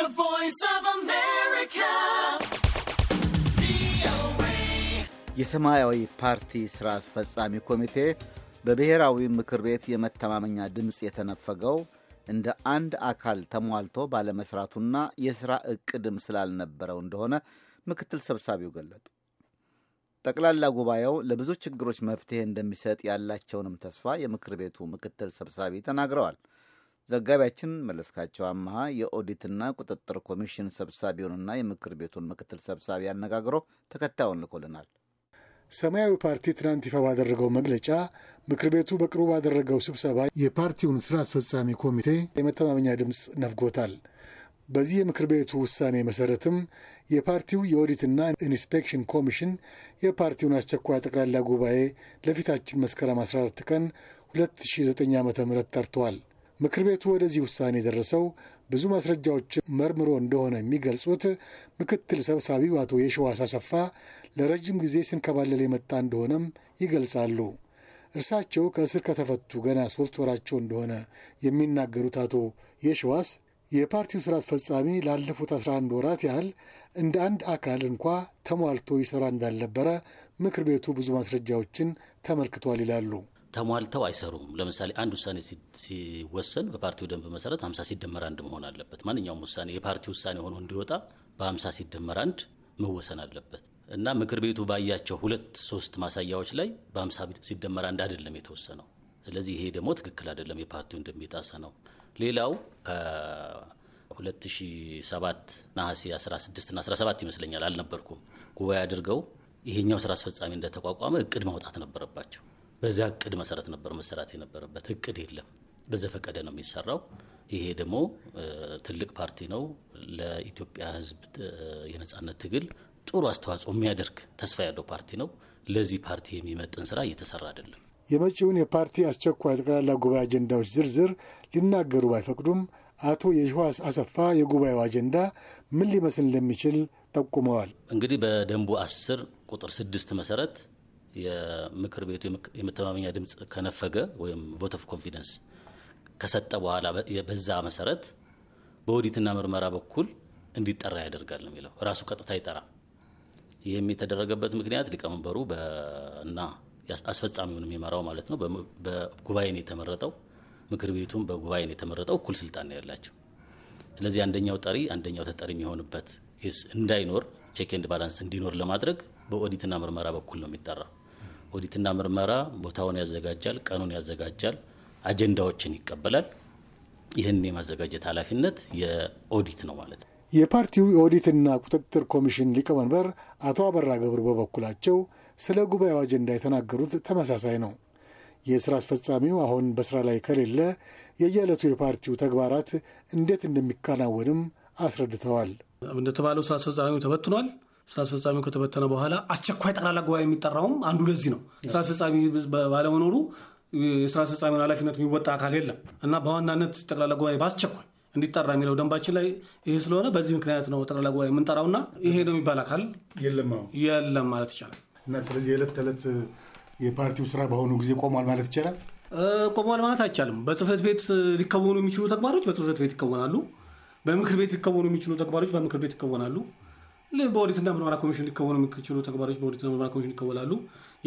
The Voice of America. የሰማያዊ ፓርቲ ሥራ አስፈጻሚ ኮሚቴ በብሔራዊ ምክር ቤት የመተማመኛ ድምፅ የተነፈገው እንደ አንድ አካል ተሟልቶ ባለመስራቱና የሥራ ዕቅድም ስላልነበረው እንደሆነ ምክትል ሰብሳቢው ገለጡ። ጠቅላላ ጉባኤው ለብዙ ችግሮች መፍትሔ እንደሚሰጥ ያላቸውንም ተስፋ የምክር ቤቱ ምክትል ሰብሳቢ ተናግረዋል። ዘጋቢያችን መለስካቸው አመሀ የኦዲትና ቁጥጥር ኮሚሽን ሰብሳቢውንና የምክር ቤቱን ምክትል ሰብሳቢ አነጋግሮ ተከታዩን ልኮልናል። ሰማያዊ ፓርቲ ትናንት ይፋ ባደረገው መግለጫ ምክር ቤቱ በቅርቡ ባደረገው ስብሰባ የፓርቲውን ስራ አስፈጻሚ ኮሚቴ የመተማመኛ ድምፅ ነፍጎታል። በዚህ የምክር ቤቱ ውሳኔ መሰረትም የፓርቲው የኦዲትና ኢንስፔክሽን ኮሚሽን የፓርቲውን አስቸኳይ ጠቅላላ ጉባኤ ለፊታችን መስከረም 14 ቀን 2009 ዓ ም ጠርተዋል። ምክር ቤቱ ወደዚህ ውሳኔ የደረሰው ብዙ ማስረጃዎች መርምሮ እንደሆነ የሚገልጹት ምክትል ሰብሳቢው አቶ የሸዋስ አሰፋ ለረጅም ጊዜ ስንከባለል የመጣ እንደሆነም ይገልጻሉ። እርሳቸው ከእስር ከተፈቱ ገና ሶስት ወራቸው እንደሆነ የሚናገሩት አቶ የሸዋስ የፓርቲው ስራ አስፈጻሚ ላለፉት 11 ወራት ያህል እንደ አንድ አካል እንኳ ተሟልቶ ይሰራ እንዳልነበረ ምክር ቤቱ ብዙ ማስረጃዎችን ተመልክቷል ይላሉ። ተሟልተው አይሰሩም። ለምሳሌ አንድ ውሳኔ ሲወሰን በፓርቲው ደንብ መሰረት ሀምሳ ሲደመር አንድ መሆን አለበት። ማንኛውም ውሳኔ የፓርቲ ውሳኔ ሆኖ እንዲወጣ በሀምሳ ሲደመር አንድ መወሰን አለበት እና ምክር ቤቱ ባያቸው ሁለት ሶስት ማሳያዎች ላይ በሀምሳ ሲደመር አንድ አይደለም የተወሰነው። ስለዚህ ይሄ ደግሞ ትክክል አይደለም፣ የፓርቲው እንደሚጣሰ ነው። ሌላው ከ2007 ነሐሴ 16ና 17 ይመስለኛል አልነበርኩም ጉባኤ አድርገው ይሄኛው ስራ አስፈጻሚ እንደተቋቋመ እቅድ ማውጣት ነበረባቸው። በዛ እቅድ መሰረት ነበር መሰራት የነበረበት። እቅድ የለም፣ በዘፈቀደ ነው የሚሰራው። ይሄ ደግሞ ትልቅ ፓርቲ ነው። ለኢትዮጵያ ሕዝብ የነጻነት ትግል ጥሩ አስተዋጽኦ የሚያደርግ ተስፋ ያለው ፓርቲ ነው። ለዚህ ፓርቲ የሚመጥን ስራ እየተሰራ አይደለም። የመጪውን የፓርቲ አስቸኳይ ጠቅላላ ጉባኤ አጀንዳዎች ዝርዝር ሊናገሩ ባይፈቅዱም አቶ የሸዋስ አሰፋ የጉባኤው አጀንዳ ምን ሊመስል እንደሚችል ጠቁመዋል። እንግዲህ በደንቡ አስር ቁጥር ስድስት መሰረት የምክር ቤቱ የመተማመኛ ድምፅ ከነፈገ ወይም ቮት ኦፍ ኮንፊደንስ ከሰጠ በኋላ በዛ መሰረት በኦዲትና ምርመራ በኩል እንዲጠራ ያደርጋል የሚለው ራሱ ቀጥታ ይጠራ። ይህም የተደረገበት ምክንያት ሊቀመንበሩ እና አስፈጻሚውን የሚመራው ማለት ነው በጉባኤን የተመረጠው ምክር ቤቱም በጉባኤን የተመረጠው እኩል ስልጣን ነው ያላቸው። ስለዚህ አንደኛው ጠሪ አንደኛው ተጠሪ የሚሆንበት ኬስ እንዳይኖር ቼክ ኤንድ ባላንስ እንዲኖር ለማድረግ በኦዲትና ምርመራ በኩል ነው የሚጠራው። ኦዲትና ምርመራ ቦታውን ያዘጋጃል፣ ቀኑን ያዘጋጃል፣ አጀንዳዎችን ይቀበላል። ይህን የማዘጋጀት ኃላፊነት የኦዲት ነው ማለት ነው። የፓርቲው የኦዲትና ቁጥጥር ኮሚሽን ሊቀመንበር አቶ አበራ ገብሩ በበኩላቸው ስለ ጉባኤው አጀንዳ የተናገሩት ተመሳሳይ ነው። የስራ አስፈጻሚው አሁን በስራ ላይ ከሌለ የየዕለቱ የፓርቲው ተግባራት እንዴት እንደሚከናወንም አስረድተዋል። እንደተባለው ስራ አስፈጻሚው ተበትኗል። ስራ አስፈጻሚው ከተበተነ በኋላ አስቸኳይ ጠቅላላ ጉባኤ የሚጠራውም አንዱ ለዚህ ነው። ስራ አስፈጻሚ ባለመኖሩ የስራ አስፈጻሚውን ኃላፊነት የሚወጣ አካል የለም እና በዋናነት ጠቅላላ ጉባኤ በአስቸኳይ እንዲጠራ የሚለው ደንባችን ላይ ይሄ ስለሆነ በዚህ ምክንያት ነው ጠቅላላ ጉባኤ የምንጠራውና ይሄ ነው የሚባል አካል የለም ማለት ይቻላል። እና ስለዚህ የዕለት ተዕለት የፓርቲው ስራ በአሁኑ ጊዜ ቆሟል ማለት ይቻላል። ቆሟል ማለት አይቻልም። በጽህፈት ቤት ሊከወኑ የሚችሉ ተግባሮች በጽህፈት ቤት ይከወናሉ። በምክር ቤት ሊከወኑ የሚችሉ ተግባሮች በምክር ቤት ይከወናሉ። በኦዲትና ምርመራ ኮሚሽን ሊከወኑ የሚችሉ ተግባሮች በኦዲትና ምርመራ ኮሚሽን ይከወላሉ።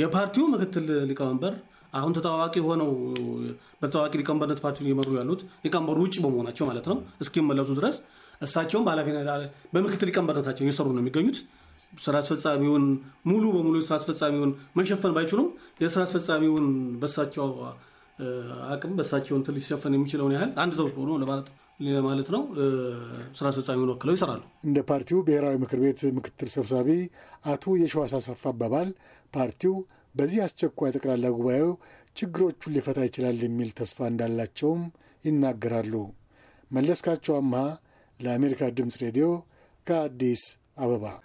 የፓርቲው ምክትል ሊቀመንበር አሁን ተጠዋዋቂ ሆነው በተጠዋቂ ሊቀመንበርነት ፓርቲ እየመሩ ያሉት ሊቀመንበሩ ውጭ በመሆናቸው ማለት ነው እስኪመለሱ ድረስ እሳቸውም በምክትል ሊቀመንበርነታቸው እየሰሩ ነው የሚገኙት። ስራ አስፈጻሚውን ሙሉ በሙሉ የስራ አስፈጻሚውን መሸፈን ባይችሉም የስራ አስፈጻሚውን በሳቸው አቅም በሳቸውን ትል ሊሸፈን የሚችለውን ያህል አንድ ሰው ሆኖ ለማለት ነው ማለት ነው ስራ አስፈጻሚውን ወክለው ይሰራሉ። እንደ ፓርቲው ብሔራዊ ምክር ቤት ምክትል ሰብሳቢ አቶ የሸዋስ አሰፋ አባባል ፓርቲው በዚህ አስቸኳይ ጠቅላላ ጉባኤው ችግሮቹን ሊፈታ ይችላል የሚል ተስፋ እንዳላቸውም ይናገራሉ። መለስካቸው አምሃ ለአሜሪካ ድምፅ ሬዲዮ ከአዲስ አበባ